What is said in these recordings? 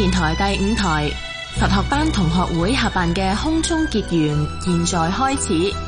電台第五台佛學班同學會合辦嘅空中結緣，現在開始。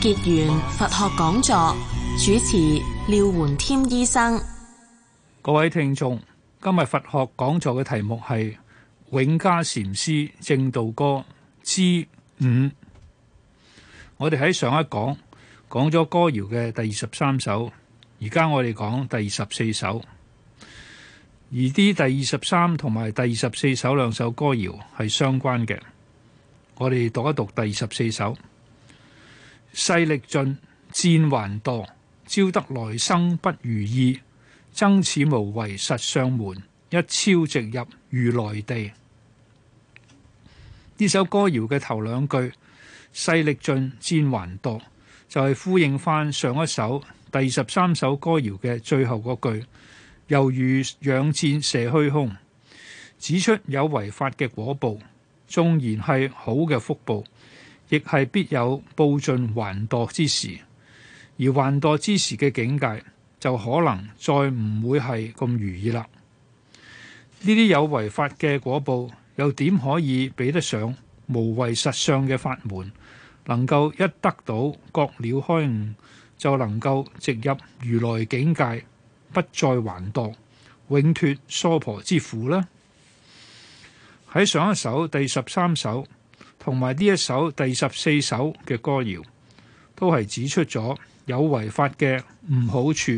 結緣佛學講座主持廖垣添醫生，各位聽眾，今日佛學講座嘅題目係《永嘉禪師證道歌》之五。我哋喺上一講講咗歌謠嘅第二十三首，而家我哋講第二十四首，而啲第二十三同埋第二十四首兩首歌謠係相關嘅。我哋讀一讀第二十四首。勢力盡，箭還墮，招得來生不如意，爭似無為實相門，一超直入如來地。呢首歌謠嘅頭兩句，勢力盡，箭還墮，就係、是、呼應翻上一首第十三首歌謠嘅最後嗰句，猶如仰箭射虛空，指出有違法嘅果報，縱然係好嘅福報。亦係必有報盡還墮之時，而還墮之時嘅境界，就可能再唔會係咁如意啦。呢啲有為法嘅果報，又點可以比得上無為實相嘅法門？能夠一得到覺了開悟，就能夠直入如來境界，不再還墮，永脱娑婆之苦呢？喺上一首第十三首。同埋呢一首第十四首嘅歌謠，都係指出咗有違法嘅唔好處，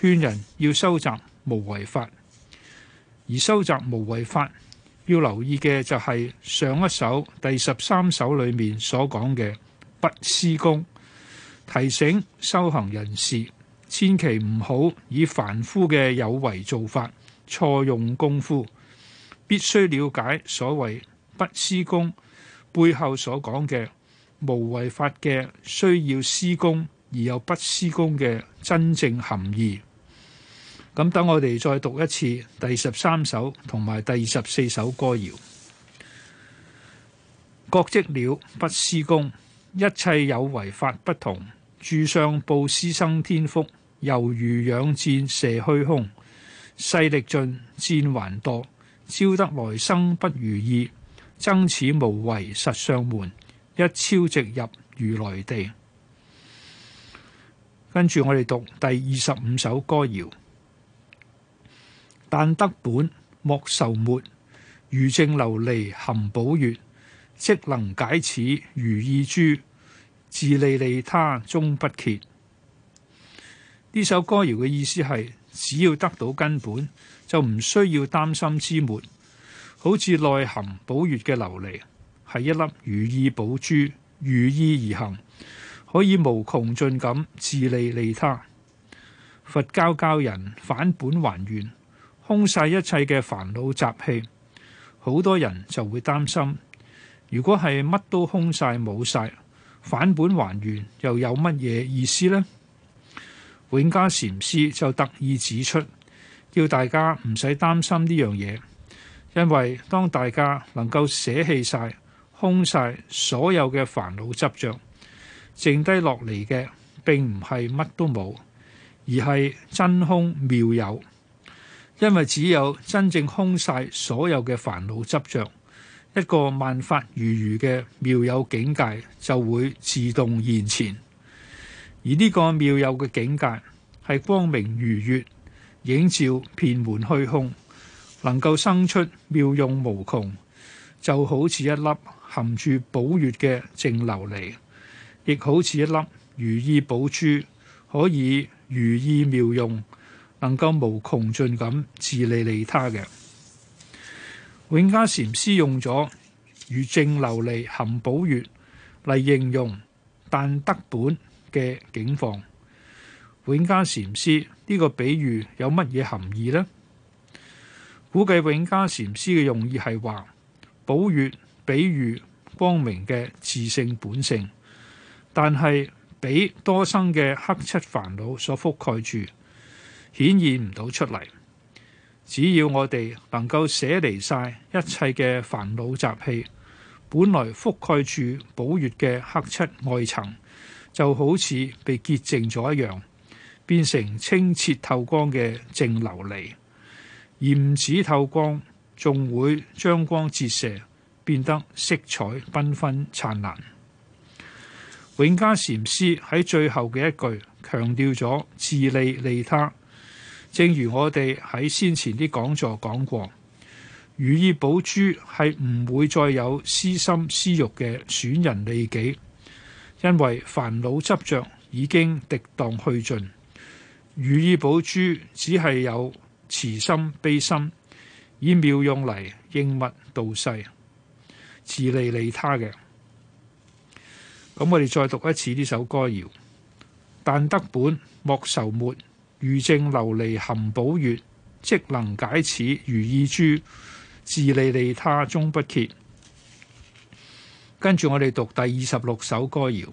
勸人要收集無違法。而收集無違法要留意嘅就係上一首第十三首裏面所講嘅不施功，提醒修行人士千祈唔好以凡夫嘅有為做法錯用功夫，必須了解所謂不施功。背後所講嘅無為法嘅需要施功，而又不施功嘅真正含義。咁等我哋再讀一次第十三首同埋第十四首歌謠。覺即了不施功，一切有為法不同。住相布施生天福，猶如仰箭射虛空，勢力盡，箭還墜，招得來生不如意。增此無為實相門，一超直入如來地。跟住我哋讀第二十五首歌謠，但得本莫愁末，如正琉璃含寶月，即能解此如意珠，自利利他終不竭。呢首歌謠嘅意思係，只要得到根本，就唔需要擔心之末。好似內含寶月嘅琉璃，係一粒如意寶珠，如意而行，可以無窮盡咁自利利他。佛教教人返本還原，空晒一切嘅煩惱雜氣。好多人就會擔心，如果係乜都空晒冇晒，返本還原又有乜嘢意思呢？永嘉禪師就特意指出，叫大家唔使擔心呢樣嘢。因為當大家能夠捨棄晒、空晒所有嘅煩惱執着，剩低落嚟嘅並唔係乜都冇，而係真空妙有。因為只有真正空晒所有嘅煩惱執着，一個萬法如如嘅妙有境界就會自動現前。而呢個妙有嘅境界係光明如月，映照遍滿虛空。能夠生出妙用無窮，就好似一粒含住寶月嘅淨琉璃，亦好似一粒如意寶珠，可以如意妙用，能夠無窮盡咁自利利他嘅。永嘉禪師用咗如淨琉璃含寶月嚟形容但得本嘅境況。永嘉禪師呢個比喻有乜嘢含義呢？估計永嘉禪師嘅用意係話，寶月比喻光明嘅自性本性，但係俾多生嘅黑漆煩惱所覆蓋住，顯現唔到出嚟。只要我哋能夠捨離晒一切嘅煩惱雜氣，本來覆蓋住寶月嘅黑漆外層，就好似被潔淨咗一樣，變成清澈透光嘅淨琉璃。唔止透光，仲會將光折射，變得色彩繽紛燦爛。永嘉禪師喺最後嘅一句，強調咗自利利他。正如我哋喺先前啲講座講過，如意寶珠係唔會再有私心私欲嘅損人利己，因為煩惱執着已經滴盪去盡。如意寶珠只係有，慈心悲心，以妙用嚟應物道世，自利利他嘅。咁我哋再讀一次呢首歌謠。但得本莫愁末，如正琉璃含寶月，即能解此如意珠。自利利他終不竭。跟住我哋讀第二十六首歌謠。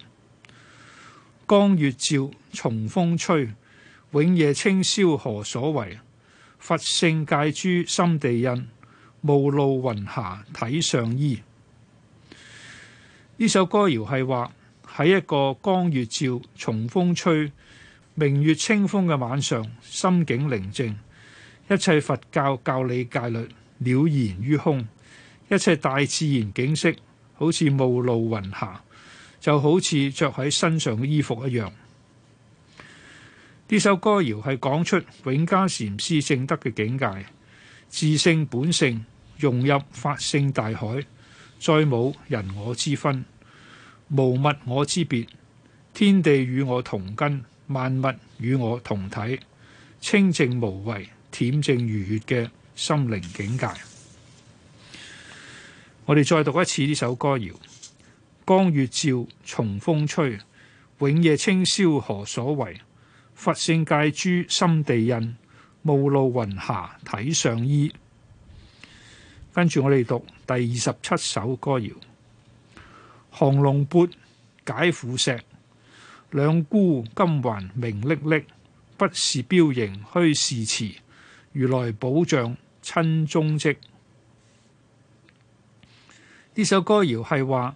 江月照，松風吹，永夜清宵何所為？佛性戒珠心地印，霧露雲霞體上衣。呢首歌謠係話喺一個光月照、松風吹、明月清風嘅晚上，心境寧靜，一切佛教教理戒律了然於胸，一切大自然景色好似霧露雲霞，就好似着喺身上嘅衣服一樣。呢首歌謠係講出永嘉禪師證道嘅境界，自性本性融入法性大海，再冇人我之分，無物我之別，天地與我同根，萬物與我同體，清靜無為，恬靜如月嘅心靈境界。我哋再讀一次呢首歌謠：江月照，松風吹，永夜清宵何所為？佛性戒珠心地印，霧露雲霞體上衣。跟住我哋讀第二十七首歌謠：降龍缽解虎石，兩孤金環明瀝瀝，不是標形，虛是詞。如來寶像親蹤跡。呢首歌謠係話，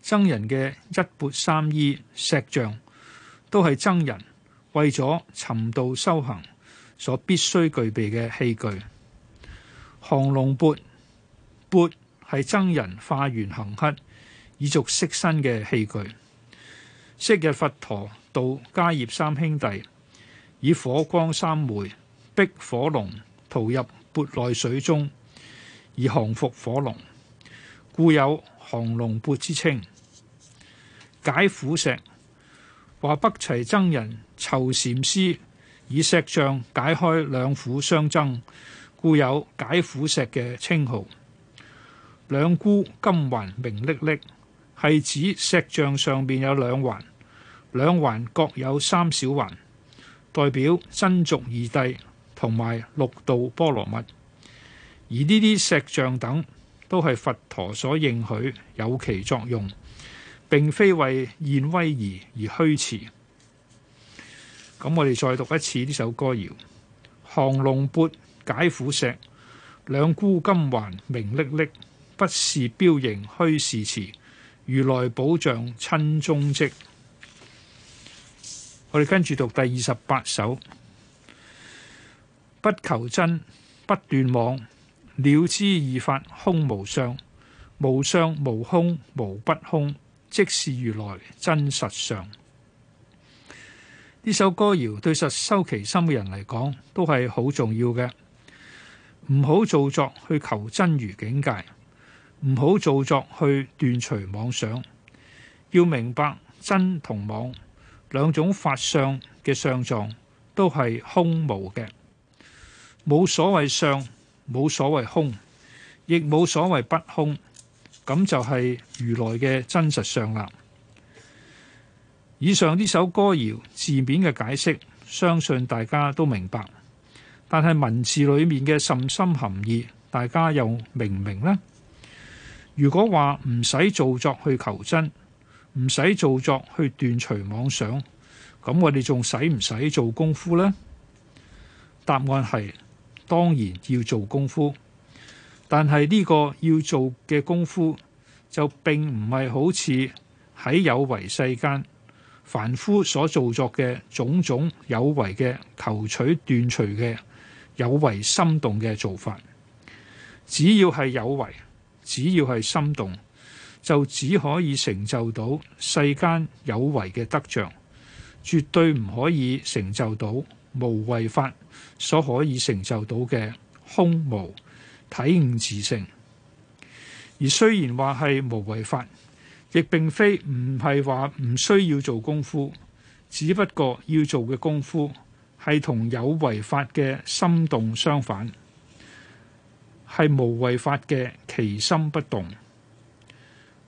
僧人嘅一缽三衣石像都係僧人。為咗尋道修行所必須具備嘅器具，降龍缽，缽係僧人化緣行乞以續色身嘅器具。昔日佛陀度迦葉三兄弟以火光三昧逼火龍逃入缽內水中，而降服火龍，故有降龍缽之稱。解虎石。話北齊僧人仇禪師以石像解開兩虎相爭，故有解虎石嘅稱號。兩箍金環明歷歷，係指石像上邊有兩環，兩環各有三小環，代表真俗二諦同埋六度波羅蜜。而呢啲石像等都係佛陀所認許，有其作用。並非為現威儀而，而虛詞。咁我哋再讀一次呢首歌謠：降龍缽解虎錫，兩鈷金環鳴歷歷，不是標形虛事詞。如來寶杖親蹤跡。我哋跟住讀第二十八首：不求真不斷妄，了知二法空無相，無相無空無不空。即是如來真實相，呢首歌謠對實修其心嘅人嚟講，都係好重要嘅。唔好做作去求真如境界，唔好做作去斷除妄想。要明白真同妄兩種法相嘅相狀，都係空無嘅，冇所謂相，冇所謂空，亦冇所謂不空。咁就係如來嘅真實相啦。以上呢首歌謠字面嘅解釋，相信大家都明白，但係文字裏面嘅甚深，深含義，大家又明唔明呢？如果話唔使做作去求真，唔使做作去斷除妄想，咁我哋仲使唔使做功夫呢？答案係當然要做功夫。但係呢個要做嘅功夫，就並唔係好似喺有為世間凡夫所造作嘅種種有為嘅求取斷除嘅有為心動嘅做法。只要係有為，只要係心動，就只可以成就到世間有為嘅得像，絕對唔可以成就到無為法所可以成就到嘅空無。體悟自性，而雖然話係無為法，亦並非唔係話唔需要做功夫，只不過要做嘅功夫係同有為法嘅心動相反，係無為法嘅其心不動。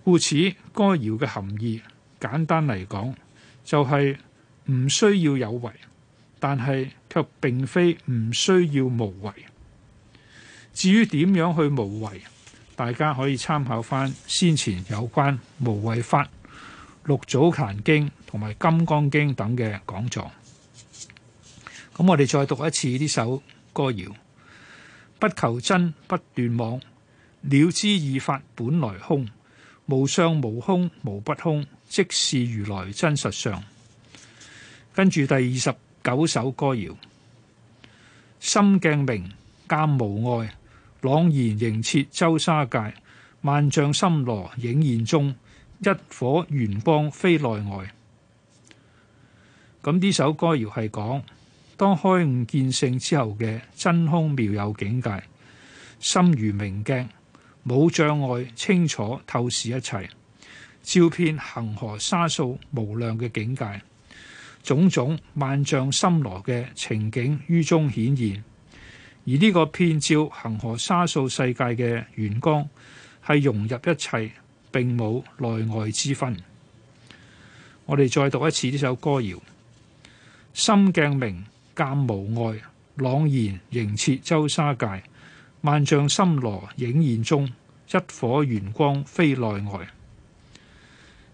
故此，該歌謠嘅含義簡單嚟講，就係唔需要有為，但係卻並非唔需要無為。至於點樣去無為，大家可以參考翻先前有關無為法、六祖壇經同埋金剛經等嘅講座。咁我哋再讀一次呢首歌謠：不求真，不斷妄，了知二法本來空，無相無空無不空，即是如來真實相。跟住第二十九首歌謠：心鏡明，鑑無礙。朗然瑩徹周沙界，萬象森羅影現中，一顆圓光非內外。咁呢首歌謠係講當開悟見性之後嘅真空妙有境界，心如明鏡，冇障礙，清楚透視一切，照遍恒河沙數無量嘅境界，種種萬象森羅嘅情景於中顯現。而呢個遍照恒河沙數世界嘅圓光，係融入一切，並冇內外之分。我哋再讀一次呢首歌謠：心鏡明，鑒無礙，朗然瑩徹周沙界，萬象森羅影現中，一顆圓光非內外。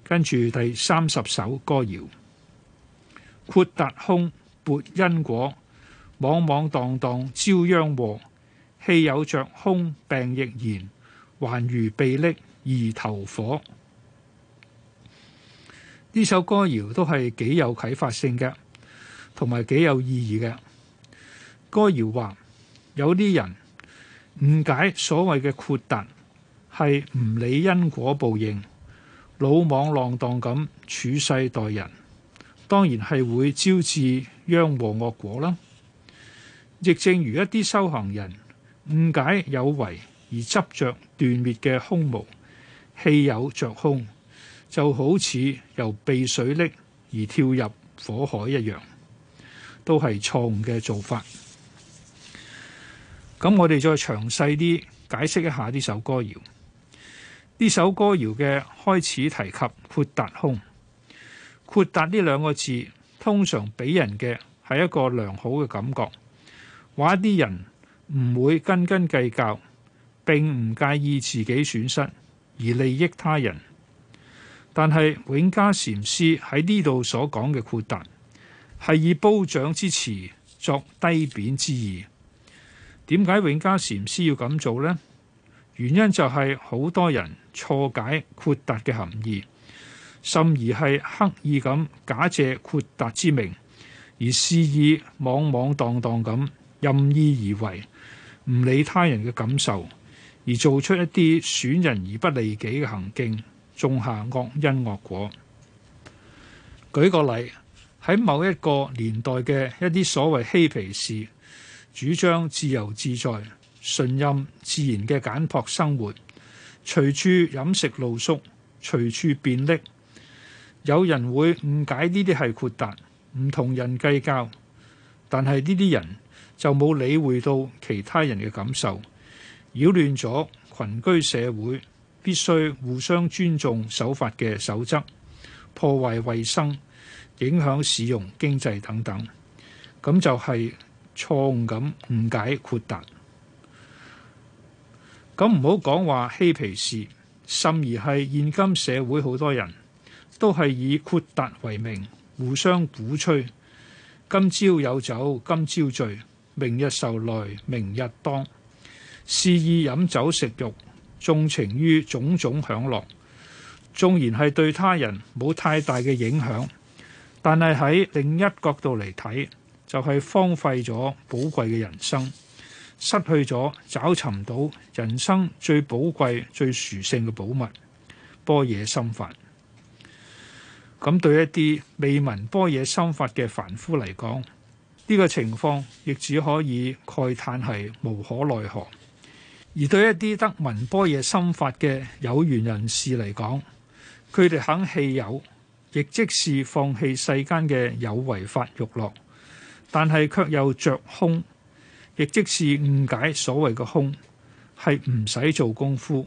跟住第三十首歌謠：豁達空，撥因果。莽莽蕩蕩招殃禍，棄有著空病亦然，還如避溺而投火。呢首歌謠都係幾有啟發性嘅，同埋幾有意義嘅。歌謠話有啲人誤解所謂嘅豁達係唔理因果報應，魯莽浪蕩咁處世待人，當然係會招致殃禍惡果啦。亦正如一啲修行人誤解有為而執着斷滅嘅空無，棄有著空，就好似由避水溺而跳入火海一樣，都係錯誤嘅做法。咁我哋再詳細啲解釋一下呢首歌謠。呢首歌謠嘅開始提及豁達空，豁達呢兩個字通常俾人嘅係一個良好嘅感覺。話啲人唔會斤斤計較，並唔介意自己損失而利益他人。但係永嘉禪師喺呢度所講嘅豁達係以褒獎之詞作低貶之意。點解永嘉禪師要咁做呢？原因就係好多人錯解豁達嘅含義，甚而係刻意咁假借豁達之名而肆意莽莽蕩蕩咁。任意而為，唔理他人嘅感受，而做出一啲損人而不利己嘅行徑，種下惡因惡果。舉個例，喺某一個年代嘅一啲所謂嬉皮士，主張自由自在、信任自然嘅簡樸生活，隨處飲食露宿，隨處便溺。有人會誤解呢啲係豁達，唔同人計較，但係呢啲人。就冇理會到其他人嘅感受，擾亂咗群居社會必須互相尊重守法嘅守則，破壞衞生，影響市容經濟等等。咁就係錯誤咁誤解豁達。咁唔好講話嬉皮士，甚而係現今社會好多人都係以豁達為名，互相鼓吹今朝有酒今朝醉。明日愁來，明日當肆意飲酒食肉，縱情於種種享樂。縱然係對他人冇太大嘅影響，但係喺另一角度嚟睇，就係、是、荒廢咗寶貴嘅人生，失去咗找尋到人生最寶貴、最殊勝嘅寶物般若心法。咁對一啲未聞般若心法嘅凡夫嚟講，呢個情況亦只可以慨嘆係無可奈何，而對一啲得聞般若心法嘅有緣人士嚟講，佢哋肯棄有，亦即是放棄世間嘅有為法欲樂；但係卻又著空，亦即是誤解所謂嘅空係唔使做功夫，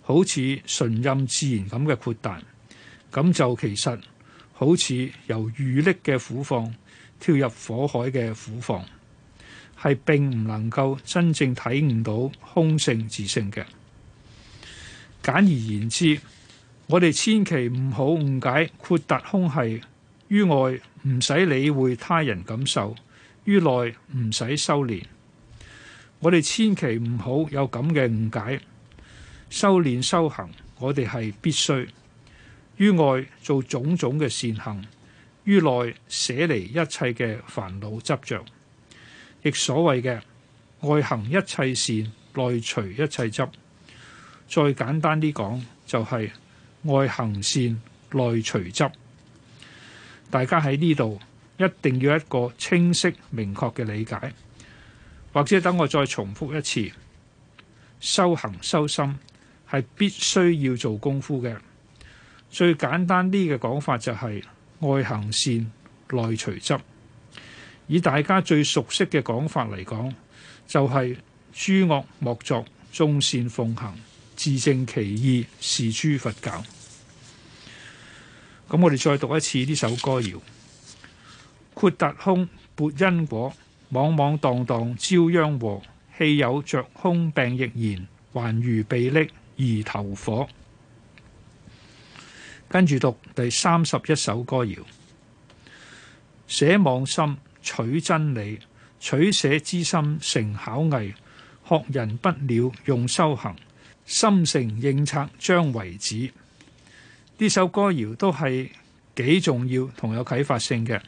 好似純任自然咁嘅擴大，咁就其實好似由淤溺嘅苦況。跳入火海嘅苦房，係並唔能夠真正體悟到空性自性嘅。簡而言之，我哋千祈唔好誤解，豁達空係於外唔使理會他人感受，於內唔使修煉。我哋千祈唔好有咁嘅誤解。修煉修行，我哋係必須於外做種種嘅善行。於內捨離一切嘅煩惱執着，亦所謂嘅外行一切善，內除一切執。再簡單啲講，就係外行善，內除執。大家喺呢度一定要一個清晰明確嘅理解，或者等我再重復一次，修行修心係必須要做功夫嘅。最簡單啲嘅講法就係、是。外行善，內除執。以大家最熟悉嘅講法嚟講，就係、是、諸惡莫作，眾善奉行，自正其意，是諸佛教。咁我哋再讀一次呢首歌謠：豁達空，撥因果，莽莽蕩蕩招殃禍。棄有著空病，亦然，還如避溺而投火。跟住讀第三十一首歌謠：捨妄心，取真理；取捨之心，成巧藝。學人不了用修行，心誠應策將為止。呢首歌謠都係幾重要同有啟發性嘅。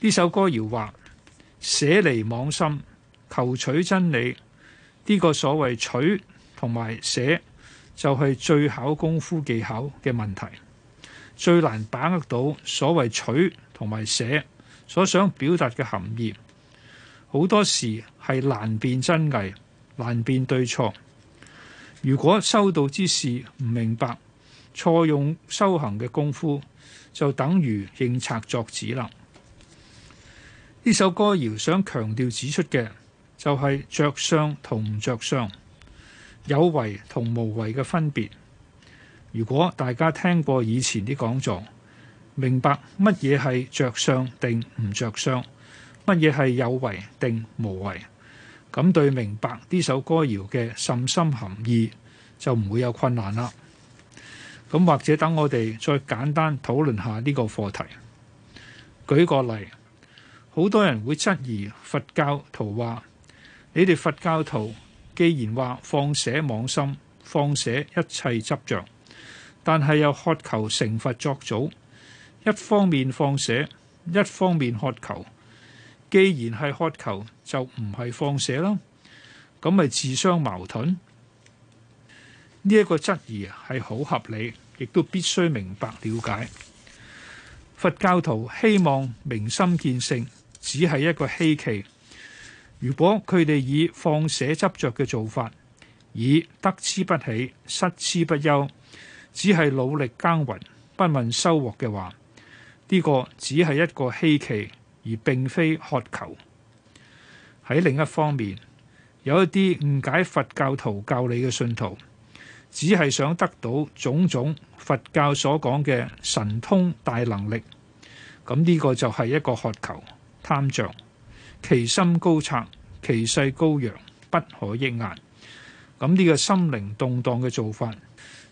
呢首歌謠話：捨離妄，妄心，求取真理。呢、呢個所謂取同埋捨，就係最考功夫技巧嘅問題。最難把握到所謂取同埋捨所想表達嘅含義，好多時係難辨真偽、難辨對錯。如果修道之事唔明白，錯用修行嘅功夫，就等於認賊作子。啦，呢首歌謠想強調指出嘅，就係、是、着相同唔着相，有為同無為嘅分別。如果大家聽過以前啲講座，明白乜嘢係着相定唔着相，乜嘢係有為定無為，咁對明白呢首歌謠嘅甚深含義就唔會有困難啦。咁或者等我哋再簡單討論下呢個課題。舉個例，好多人會質疑佛教徒話：「你哋佛教徒既然話放捨妄心，放捨一切執着。」但係又渴求成佛作祖，一方面放捨，一方面渴求。既然係渴求，就唔係放捨啦，咁咪自相矛盾呢？呢個質疑係好合理，亦都必須明白了解佛教徒希望明心見性，只係一個稀奇。如果佢哋以放捨執着嘅做法，以得之不起，失之不憂。只係努力耕耘，不問收穫嘅話，呢、這個只係一個希冀，而並非渴求。喺另一方面，有一啲誤解佛教徒教理嘅信徒，只係想得到種種佛教所講嘅神通大能力，咁、這、呢個就係一個渴求、貪著，其心高策，其勢高揚，不可抑壓。咁、這、呢個心靈動盪嘅做法。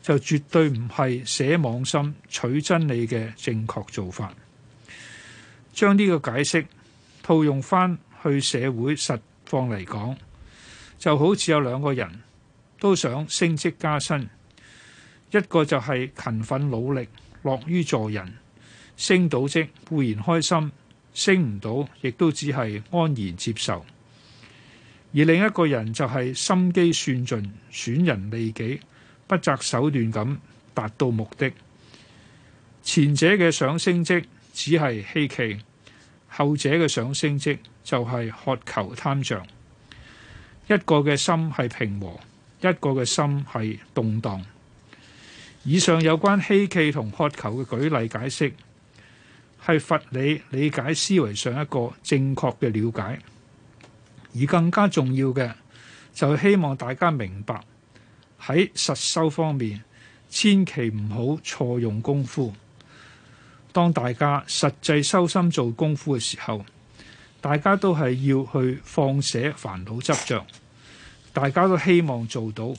就絕對唔係捨妄心取真理嘅正確做法。將呢個解釋套用翻去社會實況嚟講，就好似有兩個人都想升職加薪，一個就係勤奮努力、樂於助人，升到職固然開心，升唔到亦都只係安然接受；而另一個人就係心機算盡、損人利己。不擇手段咁達到目的，前者嘅想升職只係希冀，後者嘅想升職就係渴求貪著。一個嘅心係平和，一個嘅心係動盪。以上有關希冀同渴求嘅舉例解釋，係佛理理解思維上一個正確嘅了解。而更加重要嘅就希望大家明白。喺實修方面，千祈唔好錯用功夫。當大家實際修心做功夫嘅時候，大家都係要去放捨煩惱執着，大家都希望做到，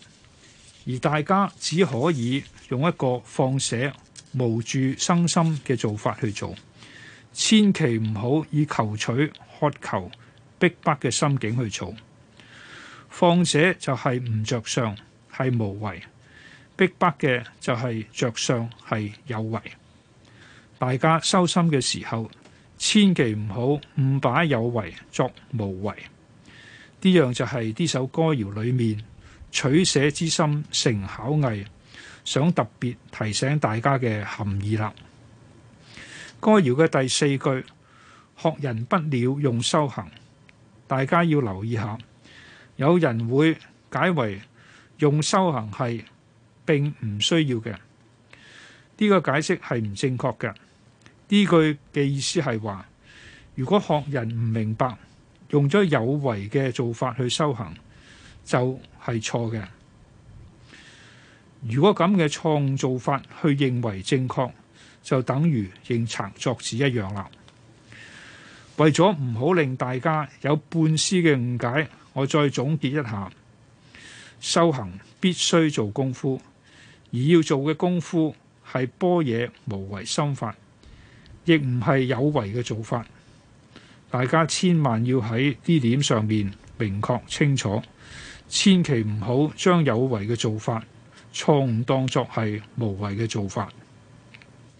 而大家只可以用一個放捨無住生心嘅做法去做，千祈唔好以求取渴求逼迫嘅心境去做。放捨就係唔着相。係無為逼迫嘅，迫迫就係着相，係有為。大家修心嘅時候，千祈唔好誤把有為作無為。呢樣就係呢首歌謠裏面取捨之心成巧偽，想特別提醒大家嘅含義啦。歌謠嘅第四句學人不了用修行，大家要留意下。有人會解為，用修行係並唔需要嘅，呢個解釋係唔正確嘅。呢句嘅意思係話，如果學人唔明白用咗有為嘅做法去修行，就係錯嘅。如果咁嘅創造法去認為正確，就等於認賊作子一樣啦。為咗唔好令大家有半絲嘅誤解，我再總結一下。修行必須做功夫，而要做嘅功夫係般若無為心法，亦唔係有為嘅做法。大家千萬要喺呢點上面明確清楚，千祈唔好將有為嘅做法錯誤當作係無為嘅做法。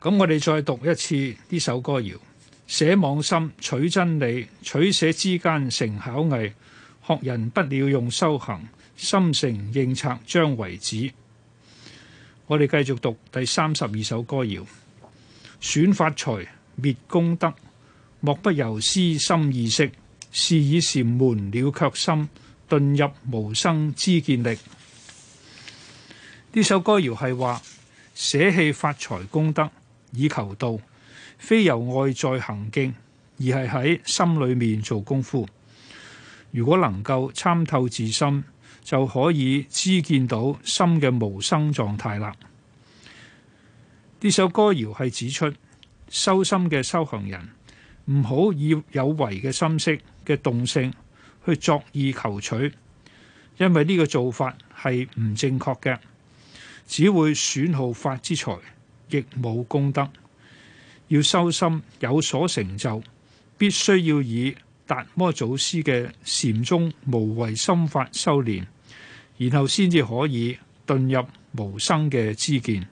咁我哋再讀一次呢首歌謠：捨妄心，取真理，取捨之間成巧藝，學人不了用修行。心誠應策將為止。我哋繼續讀第三十二首歌謠：損法財滅功德，莫不由斯心意識，是以禪門了卻心，頓入無生知見力。呢首歌謠係話捨棄法財功德以求道，非由外在行徑，而係喺心裏面做功夫。如果能夠參透自心。就可以知見到心嘅無生狀態啦。呢首歌謠係指出，修心嘅修行人唔好以有為嘅心識嘅動性去作意求取，因為呢個做法係唔正確嘅，只會損耗法之財，亦冇功德。要修心有所成就，必須要以達摩祖師嘅禪宗無為心法修練，然後先至可以遁入無生嘅知見。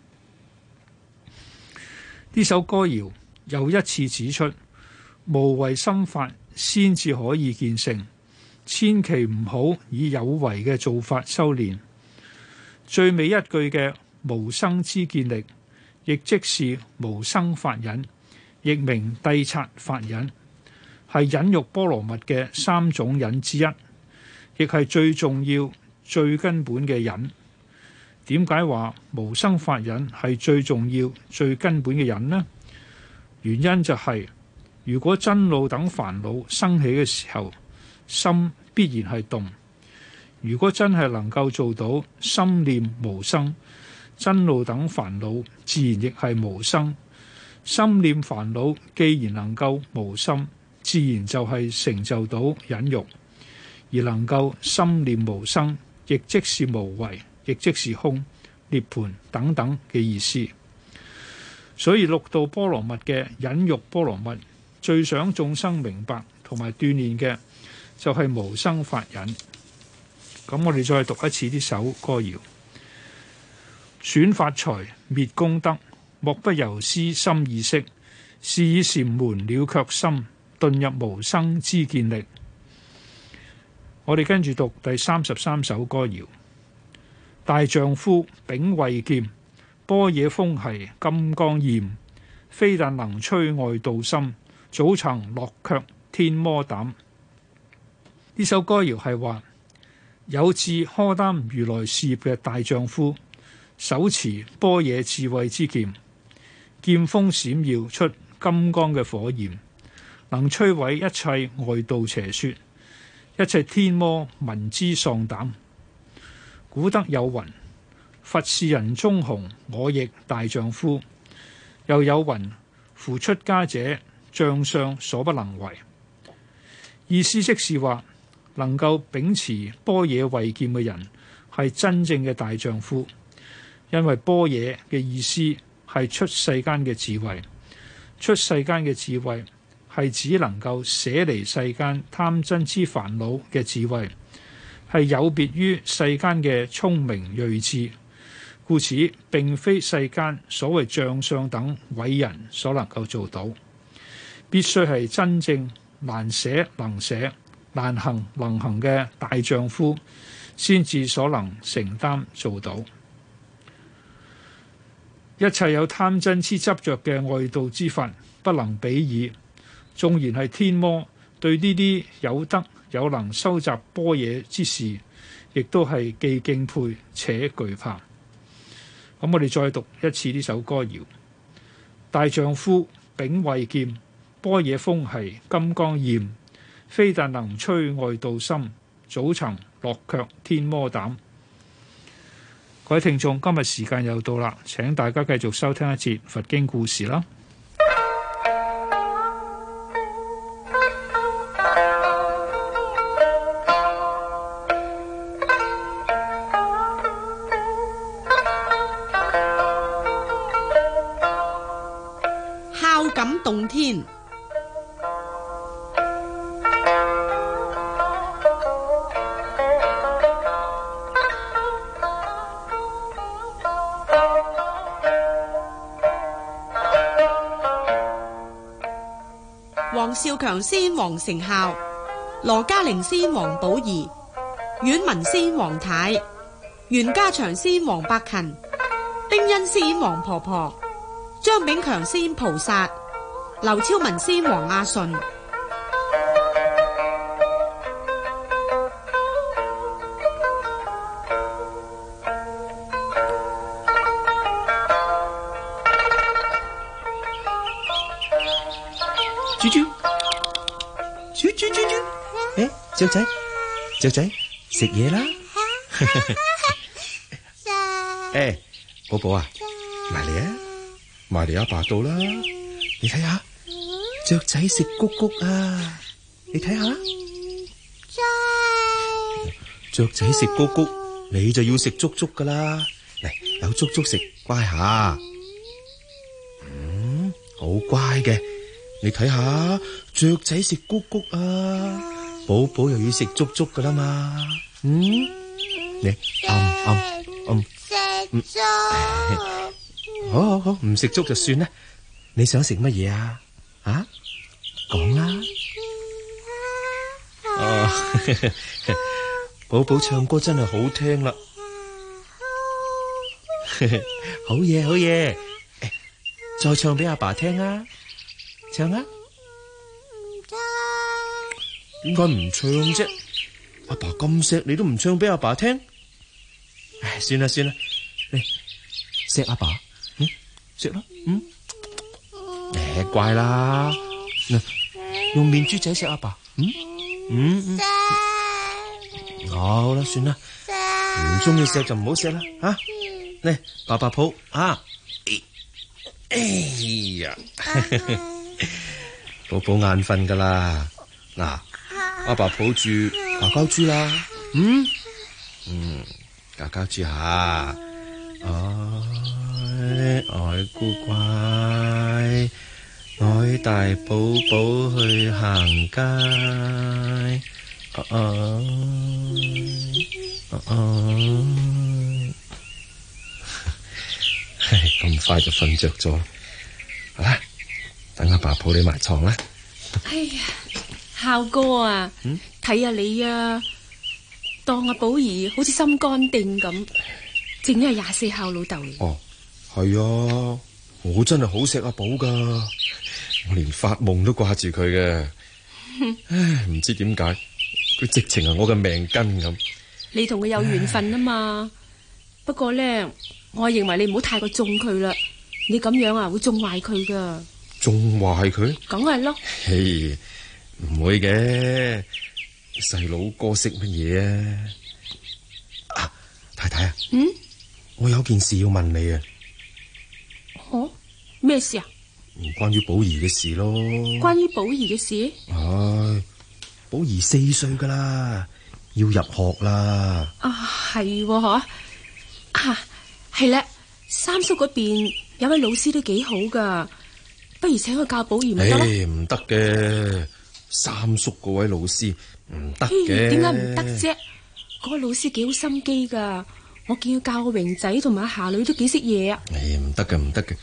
呢首歌謠又一次指出，無為心法先至可以見成，千祈唔好以有為嘅做法修練。最尾一句嘅無生知見力，亦即是無生法忍，亦名諦察法忍。係忍辱波羅蜜嘅三種忍之一，亦係最重要、最根本嘅忍。點解話無生法忍係最重要、最根本嘅忍呢？原因就係、是、如果真路等煩惱生起嘅時候，心必然係動。如果真係能夠做到心念無生，真路等煩惱自然亦係無生。心念煩惱既然能夠無心。自然就係成就到忍辱，而能夠心念無生，亦即是無為，亦即是空涅槃等等嘅意思。所以六度波羅蜜嘅忍辱波羅蜜最想眾生明白同埋鍛煉嘅就係無生法忍。咁我哋再讀一次呢首歌謠：損法財滅功德，莫不由私心意識。是以禪門了卻心。遁入無生之見力。我哋跟住讀第三十三首歌謠：大丈夫秉慧劍，般若鋒兮金剛焰，非但能摧外道心，早曾落卻天魔膽。呢首歌謠係話有志荷擔如來事業嘅大丈夫，手持般若智慧之劍，劍鋒閃耀出金剛嘅火焰。能摧毀一切外道邪説，一切天魔聞之喪膽。古德有云：佛是人中雄，我亦大丈夫。又有云：扶出家者，將相所不能為。意思即是話，能夠秉持般若慧劍嘅人係真正嘅大丈夫，因為般若嘅意思係出世間嘅智慧，出世間嘅智慧。係只能夠捨離世間貪真之煩惱嘅智慧，係有別於世間嘅聰明睿智，故此並非世間所謂將相等偉人所能夠做到，必須係真正難捨能捨、難行能行嘅大丈夫先至所能承擔做到。一切有貪真之執着嘅外道之法，不能比擬。縱然係天魔對呢啲有德有能收集般若之事，亦都係既敬佩且懼怕。咁我哋再讀一次呢首歌謠：大丈夫秉慧劍，般若鋒兮金剛焰，非但能摧外道心，早曾落卻天魔膽。各位聽眾，今日時間又到啦！請大家繼續收聽一節佛經故事啦。少強先王成孝，羅嘉玲先王寶兒，阮文先王太，袁家祥先王百勤，丁欣先王婆婆，張炳強先菩薩，劉超文先王阿順，啾雀雀雀雀，誒、哎，雀仔，雀仔食嘢啦，誒、 哎，寶寶啊，埋嚟啊，埋嚟阿爸度啦，嗯、你睇下，雀仔食谷谷啊，你睇下、嗯，雀仔食谷谷，你就要食粥粥噶啦，嚟有粥粥食，乖下，嗯，好乖嘅，你睇下。雀仔食谷谷啊，寶寶又要食粥粥噶啦嘛，嗯，你啱，啱，啱食粥，好 好好，唔食粥就算啦。你想食乜嘢啊？啊，講啦、啊。哦、啊，寶寶 唱歌真係好聽啦、啊， 好嘢好嘢，再唱俾阿爸，爸聽啊，唱啊！點解唔唱啫？阿爸咁錫你都唔唱俾阿爸聽？唉，算啦算啦，嚟錫阿爸，嗯，錫啦，嗯，誒，怪啦，嗱，用面珠仔錫阿爸，嗯嗯嗯，疼哦、好啦，算啦，唔中意錫就唔好錫啦，吓、啊，嚟白白抱，啊，哎 呀，寶寶眼瞓噶啦，嗱。阿爸，爸抱爸爸住覺覺豬啦，嗯，嗯，覺覺豬吓，哎，愛乖乖，愛帶寶寶去行街，咁、哦哦哦哦、 快就瞓着咗，好、啊、啦，等阿爸，爸抱你埋床啦。哎呀！孝哥啊，睇下、嗯、你啊，當阿寶兒好似心肝定咁，淨係廿四孝老豆嚟。哦，係啊，我真係好錫阿寶噶，我連發夢都掛住佢嘅。 唉，唔知點解，佢直情係我嘅命根咁。你同佢有緣分啊嘛。唉不過咧，我係認為你唔好太過縱佢啦。你咁樣啊，會縱壞佢噶。縱壞佢？梗係咯。Hey, 唔會嘅，細佬哥識乜嘢啊？太太啊，嗯，我有件事要問你啊。哦，咩事啊？關於寶儀嘅事咯。關於寶儀嘅事。唉、哎，寶儀四歲噶啦，要入學啦、啊哦。啊，係，吓？啊，係啦。三叔嗰邊有位老師都幾好噶，不如請佢教寶儀咪得咯。唉，唔得嘅。三叔嗰位老師唔得嘅。點解唔得啫？嗰位老師幾好心機噶我見佢教阿榮仔同埋阿霞女都幾識嘢啊！哎唔得嘅，唔得嘅，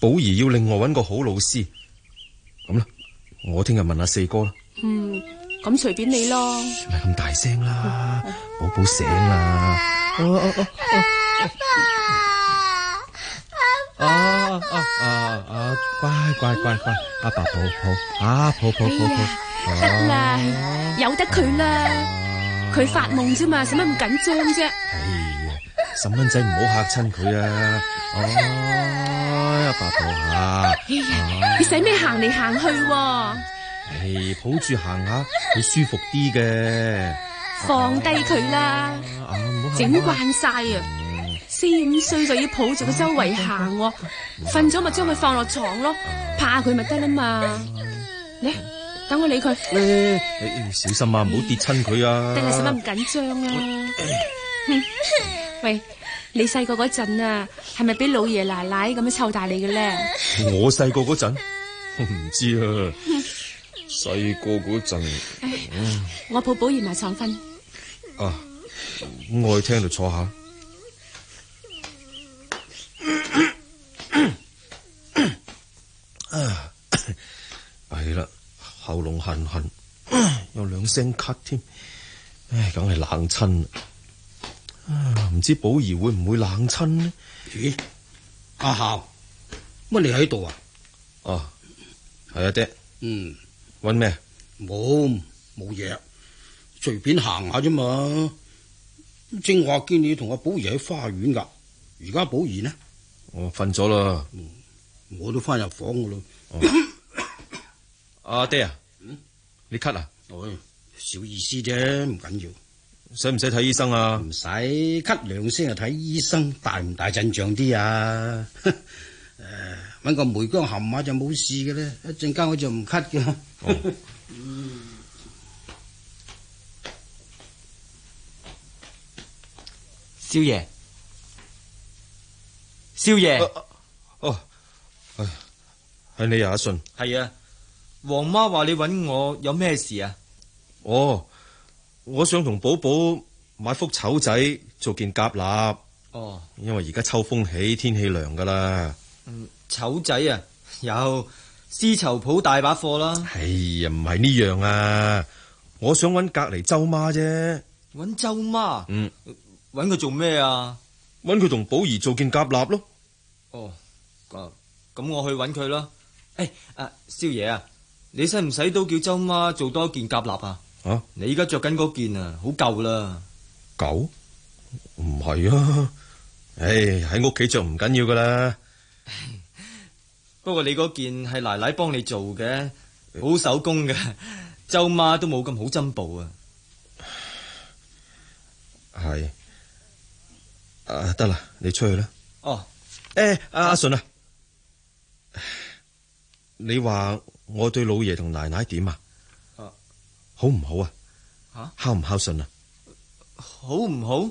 寶儀要另外搵個好老師。咁啦，我聽日問下四哥啦。嗯，咁隨便你咯。咪咁大聲啦，寶寶醒啦。哦哦啊啊，乖乖乖乖，阿爸抱抱啊抱抱抱抱，得啦，由得佢啦，佢發夢啫嘛，使乜咁緊張啫？哎呀，細蚊仔唔好吓親佢啊！哦，阿爸抱下，哎呀，你使咩行嚟行去？哎，抱住行下會舒服啲嘅。放低佢啦，唔好整慣晒啊！四五歲就要抱住佢周圍行，瞓咗咪將佢放落床咯，拍下佢咪得啦嘛。你等我理佢，誒，小心啊，唔好跌親佢啊。得啦，使乜咁緊張啊？喂，你細個嗰陣啊，係咪俾老爺奶奶咁樣湊大你嘅咧？我細個嗰陣，我唔知啊。細個嗰陣，我抱寶兒埋床瞓。啊，我去廳度坐下。啊，係啦，喉嚨痕痕，有兩聲咳添，唉，梗係冷親，唔知寶儀會唔會冷親呢？咦、欸，阿、啊、孝，乜你喺度啊？啊，係啊，爹。嗯，揾咩？冇，冇嘢，隨便行下啫嘛。正話見你同阿寶儀喺花園噶，而家寶儀呢？我瞓咗咯，我都翻入房個咯。阿、哦 啊、爹啊，嗯、你咳啊？哎、小意思啫，唔緊要，使唔使睇醫生啊？唔使，咳兩聲就睇醫生，大唔大陣仗啲啊？誒、 呃，揾個梅薑含下就冇事嘅咧，一陣間我就唔咳嘅。少爺。少爺，哦、啊，係、啊哎、你阿信。係啊，黃媽話你揾我有咩事啊？哦，我想同寶寶買幅丑仔做件夾納。哦，因為而家秋風起，天氣涼噶啦。嗯，丑仔啊，有絲綢鋪大把貨啦。哎呀，唔係呢樣啊，我想揾隔籬周媽啫。揾周媽？嗯，揾佢做咩啊？揾佢同寶兒做件夾納咯。哦，咁我去揾佢囉。誒，阿少爺啊，你使唔使都叫周媽做多件夾納啊？啊，你依家着緊嗰件啊，好舊啦。舊？唔係啊。誒，喺屋企着唔緊要噶啦。不過你嗰件係奶奶幫你做嘅，好手工嘅，周媽都冇咁好針布啊。係。誒，得啦，你出去啦。哦。誒、欸，阿順啊，啊，你話我對老爺同奶奶點啊？好唔好啊？孝唔孝順啊？好唔好？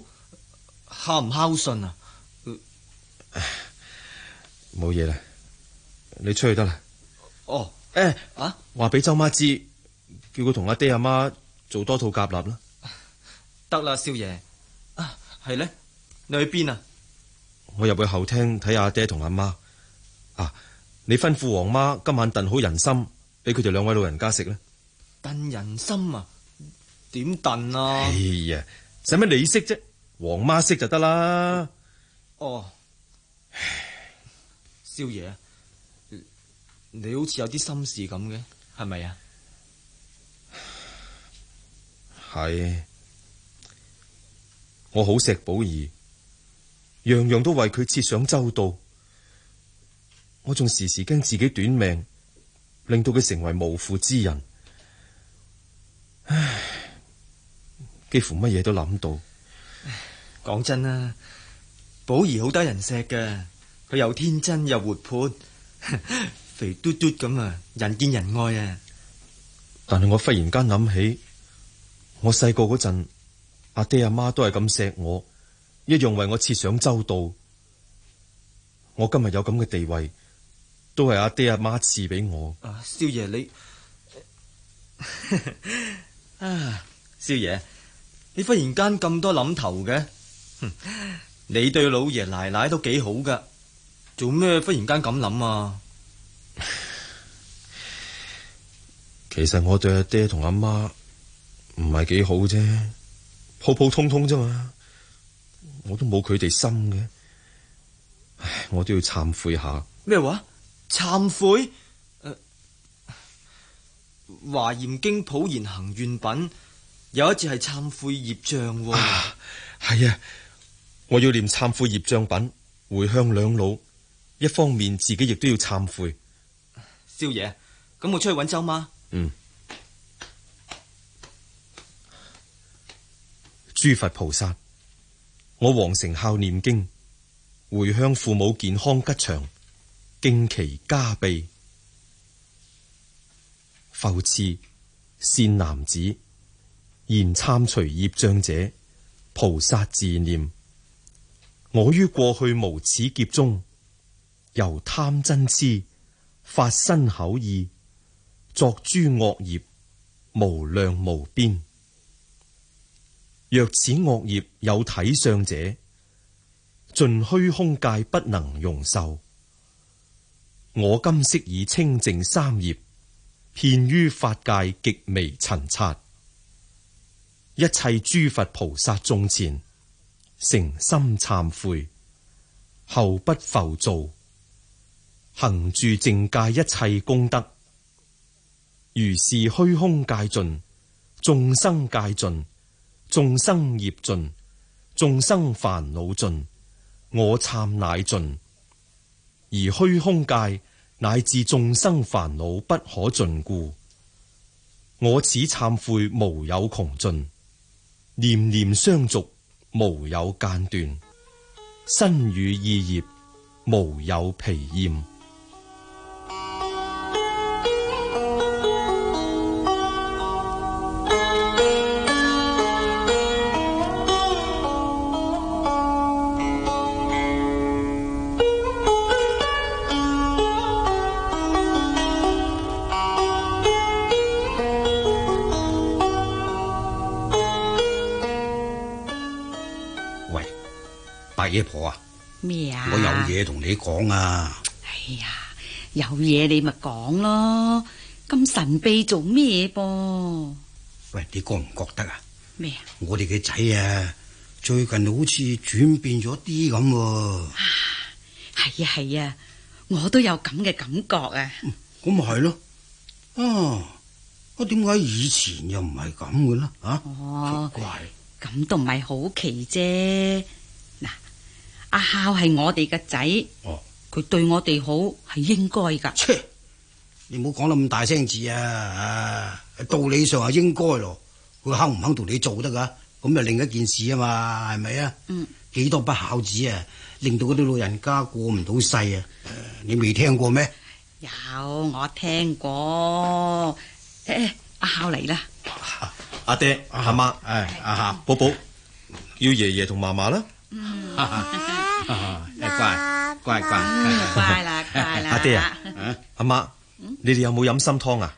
孝唔孝順啊？冇嘢啦，你出去得啦。哦，誒、啊，吓、欸，話俾周媽知，叫佢同阿爹阿媽做多套夾立啦。得啦、啊，少爺啊，係咧，你去邊啊？我入去後廳睇阿爹同阿媽啊！你吩咐王媽今晚燉好人參俾佢哋兩位老人家食咧。燉人參啊？點燉啊？哎呀，使乜你識啫？王媽識就得啦。哦，唉少爺，你好似有啲心事咁嘅，係咪啊？係，我好錫寶儀。樣樣都為佢設想周到，我仲時時驚自己短命，令到佢成為無父之人。唉，幾乎乜嘢都諗到。講真啦，寶儀好得人錫噶，佢又天真又活潑，肥嘟嘟咁啊，人見人愛啊！但係我忽然間諗起，我細個嗰陣，阿爹阿媽都係咁錫我。一樣為我設想周到，我今日有咁嘅地位，都係阿爹阿媽賜俾我。啊，少爺你， 啊，少爺，你忽然間咁多諗頭嘅？ 你對老爺奶奶都幾好噶，做咩忽然間咁諗啊？其實我對阿爹同阿媽唔係幾好啫，普普通通啫嘛。我都冇佢哋心嘅，唉，我都要懺悔下。咩話？懺悔？誒、呃，華嚴經普賢行願品有一次係懺悔業障啊。係啊，我要念懺悔業障品，回向兩老。一方面自己亦都要懺悔。少爺，咁我出去揾周媽。嗯。諸佛菩薩。我王城孝念經，回向父母健康吉祥，敬其加備。復次，善男子，言懺除業障者，菩薩自念，我於過去無始劫中，由貪嗔癡，發身口意，作諸惡業，無量無邊。若此惡業有體相者，盡虛空界不能容受。我今悉以清淨三業，遍於法界極微塵剎，一切諸佛菩薩眾前，誠心懺悔，後不浮造，行住淨界一切功德，如是虛空界盡，眾生界盡。眾生業盡，眾生煩惱盡，我懺乃盡。而虛空界乃至眾生煩惱不可盡故，我此懺悔無有窮盡，念念相續無有間斷，身語意業無有疲厭。阿婆啊，咩啊？我有嘢同你講啊！哎呀，有嘢你咪講咯，咁神秘做咩噃，啊？喂，你覺唔覺得啊？咩啊？我哋嘅仔啊，最近好似轉變咗啲咁喎。啊，係啊係啊，啊，我都有咁嘅感覺啊。咁咪係咯。啊，我點解以前又唔係咁嘅啦？啊，奇、哦、怪，咁都唔係好奇啫。阿孝係我哋嘅仔，佢對我哋好係應該噶。切，你唔好講得咁大聲字啊！道理上係應該咯，佢肯唔肯同你做得噶？咁又另一件事啊嘛，係咪啊？嗯，幾多不孝子啊，令到嗰啲老人家過唔到世啊！你未聽過咩？有，我聽過。阿孝嚟啦，阿爹阿媽，誒，阿孝寶寶，叫爺爺同嫲嫲啦。嗯，阿媽，乖，乖，乖，乖啦，乖啦，阿爹啊，阿媽，你哋有冇飲參湯啊？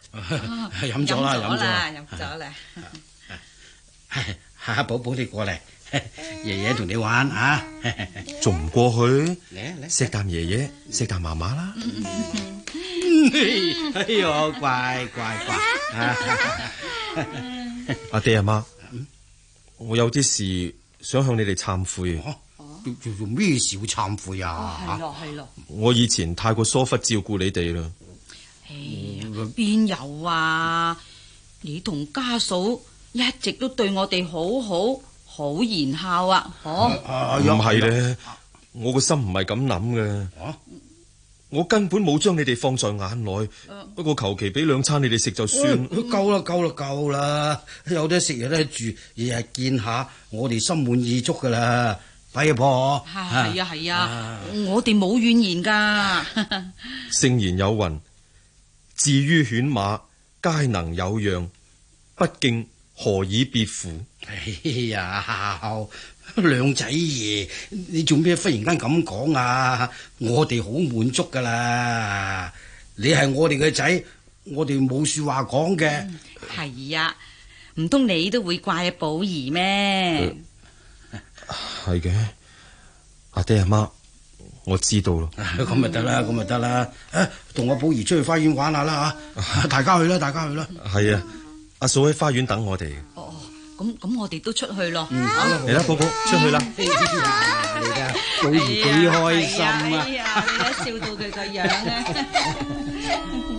飲咗啦，飲咗啦，飲咗啦。係，係，寶寶你過嚟，爺爺同你玩吓，仲唔過去？嚟嚟，錫啖爺爺，錫啖媽媽啦。哎呦，乖，乖，乖。阿爹阿媽，我有啲事，想向你哋懺悔。做做咩事要懺悔啊？係咯，係咯，咯我以前太過疏忽照顧你哋啦。哎呀，邊有啊？你同家嫂一直都對我哋好好，好言孝啊，嗬、啊？唔係咧，啊啊、我個心唔係咁諗嘅。啊我根本冇將你哋放在眼內，呃、不過求其俾兩餐你哋食就算。夠啦、呃，夠、呃、啦，夠啦，有得食，有得住，日日見下，我哋心滿意足噶啦。阿婆，係啊，係啊，我哋冇怨言噶。聖 言有云：至於犬馬，皆能有養，不敬何以別乎？ 哎呀！兩仔爺，你做咩忽然間咁講啊？我哋好滿足噶啦，你係我哋嘅仔，我哋冇說話講嘅。係、嗯、啊，唔通你都會怪阿寶兒咩？係嘅、呃，阿爹阿媽，我知道咯。咁咪得啦，咁咪得啦。誒，同阿寶兒出去花園玩下啦吓，大家去啦，大家去啦。係啊、嗯，阿嫂喺花園等我哋。哦咁咁我哋都出去咯，嚟啦，寶寶出去啦，幾幾開心啊，哎呀哎呀，笑到佢個樣啊！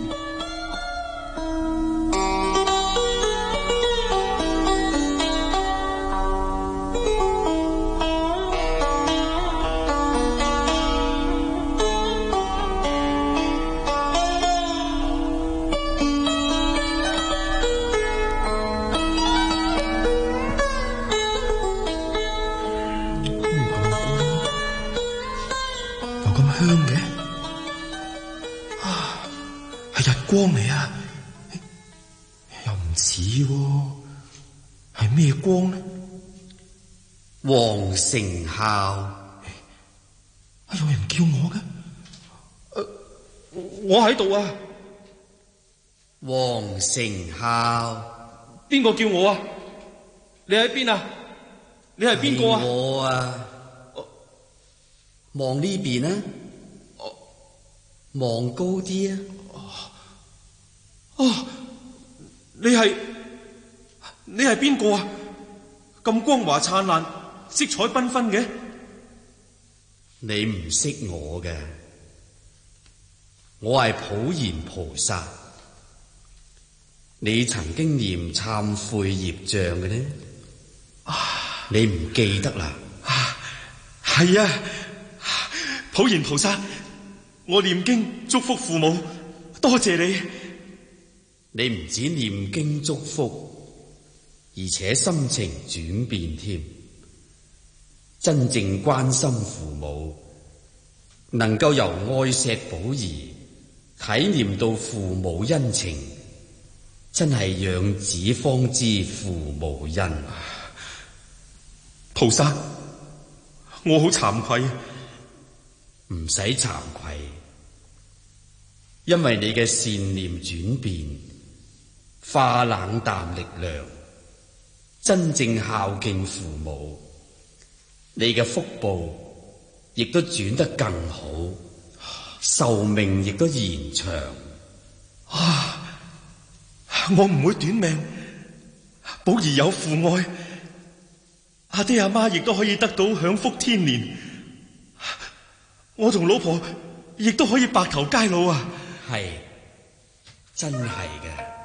光嚟啊，又唔似喎，係咩光呢？王成孝。係、哎、有人叫我嘅、啊。我喺度啊，王成孝，邊個叫我啊？你喺邊啊？你係邊個啊？我啊，望呢邊啊，望高啲啊。啊哦，你係你係邊個啊？咁光華燦爛，色彩繽紛嘅？你唔識我嘅，我係普賢菩薩。你曾經念懺悔業障嘅呢？啊，你唔記得啦？係啊，普賢菩薩，我念經祝福父母，多謝你。你唔止念經祝福，而且心情轉變添。真正關心父母，能夠由愛錫寶兒體驗到父母恩情，真係養子方知父母恩。菩薩，我好慚愧。唔使慚愧，因為你嘅善念轉變。化冷淡力量，真正孝敬父母，你嘅福報亦都轉得更好，壽命亦都延長。啊！我唔會短命，寶兒有父愛，阿爹阿媽亦都可以得到享福天年，啊、我同老婆亦都可以白頭偕老啊！係，真係嘅。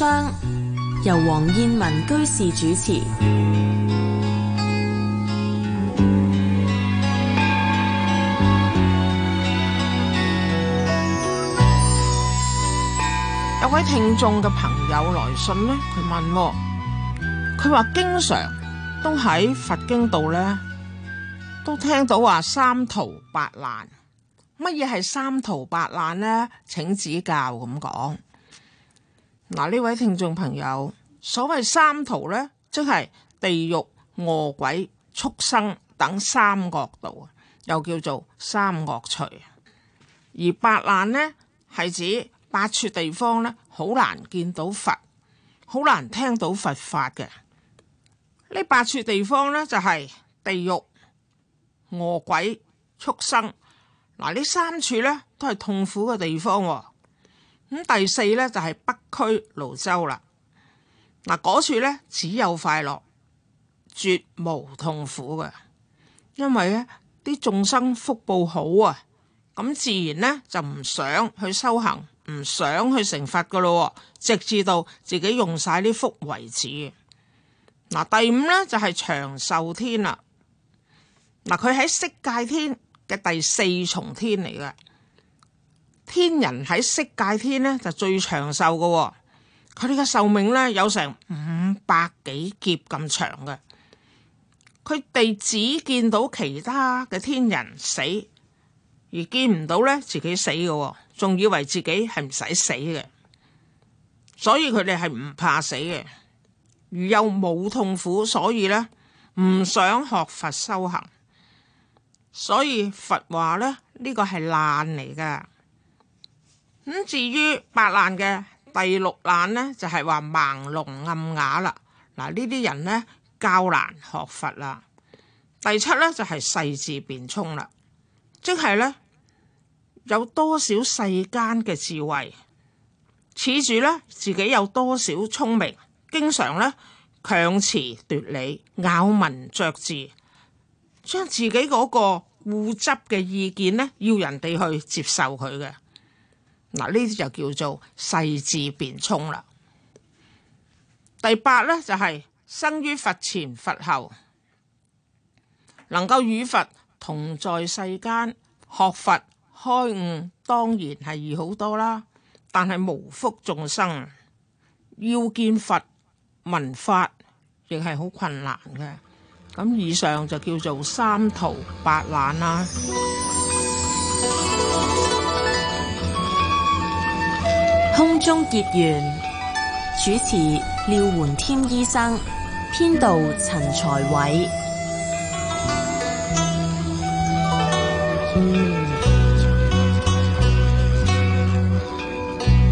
由黃燕文居士主持。有位聽眾嘅朋友來信呢，佢問我：佢話經常都喺佛經度呢，都聽到話三途八難，乜嘢係三途八難呢？請指教咁講。嗱，呢位聽眾朋友，所謂三途呢，即係地獄、餓鬼、畜生、等三惡道，又叫做三惡趣。而八難呢，係指八處地方呢，好難見到佛，好難聽到佛法嘅。呢八處地方呢，就係地獄、餓鬼、畜生。嗱，呢三處呢，都係痛苦嘅地方。咁第四咧就係北俱盧洲啦，嗱嗰處咧只有快樂，絕無痛苦嘅，因為咧啲眾生福報好啊，咁自然咧就唔想去修行，唔想去成佛噶咯，直至到自己用晒啲福為止。嗱，第五咧就係長壽天啦，嗱，佢喺色界天嘅第四重天嚟嘅。天人喺色界天咧，就最長壽噶喎。佢哋嘅壽命咧有成五百幾劫咁長嘅。佢哋只見到其他嘅天人死，而見唔到咧自己死嘅喎，仲以為自己係唔使死嘅，所以佢哋係唔怕死嘅，而又冇痛苦，所以咧唔想學佛修行，所以佛話咧呢，呢個係難嚟噶。至於八難嘅第六難呢，就係話盲聾暗啞啦。嗱，呢啲人呢，較難學佛啦。第七呢，就係世智辯聰啦，即係呢，有多少世間嘅智慧，恃住呢，自己有多少聰明，經常呢強詞奪理、咬文嚼字，將自己嗰個固執嘅意見呢，要人哋去接受佢嘅。嗱，呢啲就叫做世智辯聰啦。第八呢，就係、是、生於佛前佛後，能夠與佛同在世間學佛開悟，當然係易好多啦。但係無福眾生要見佛聞法，亦係好困難嘅。咁以上就叫做三途八難啦。空中結緣，主持廖垣添醫生，編導陳才偉。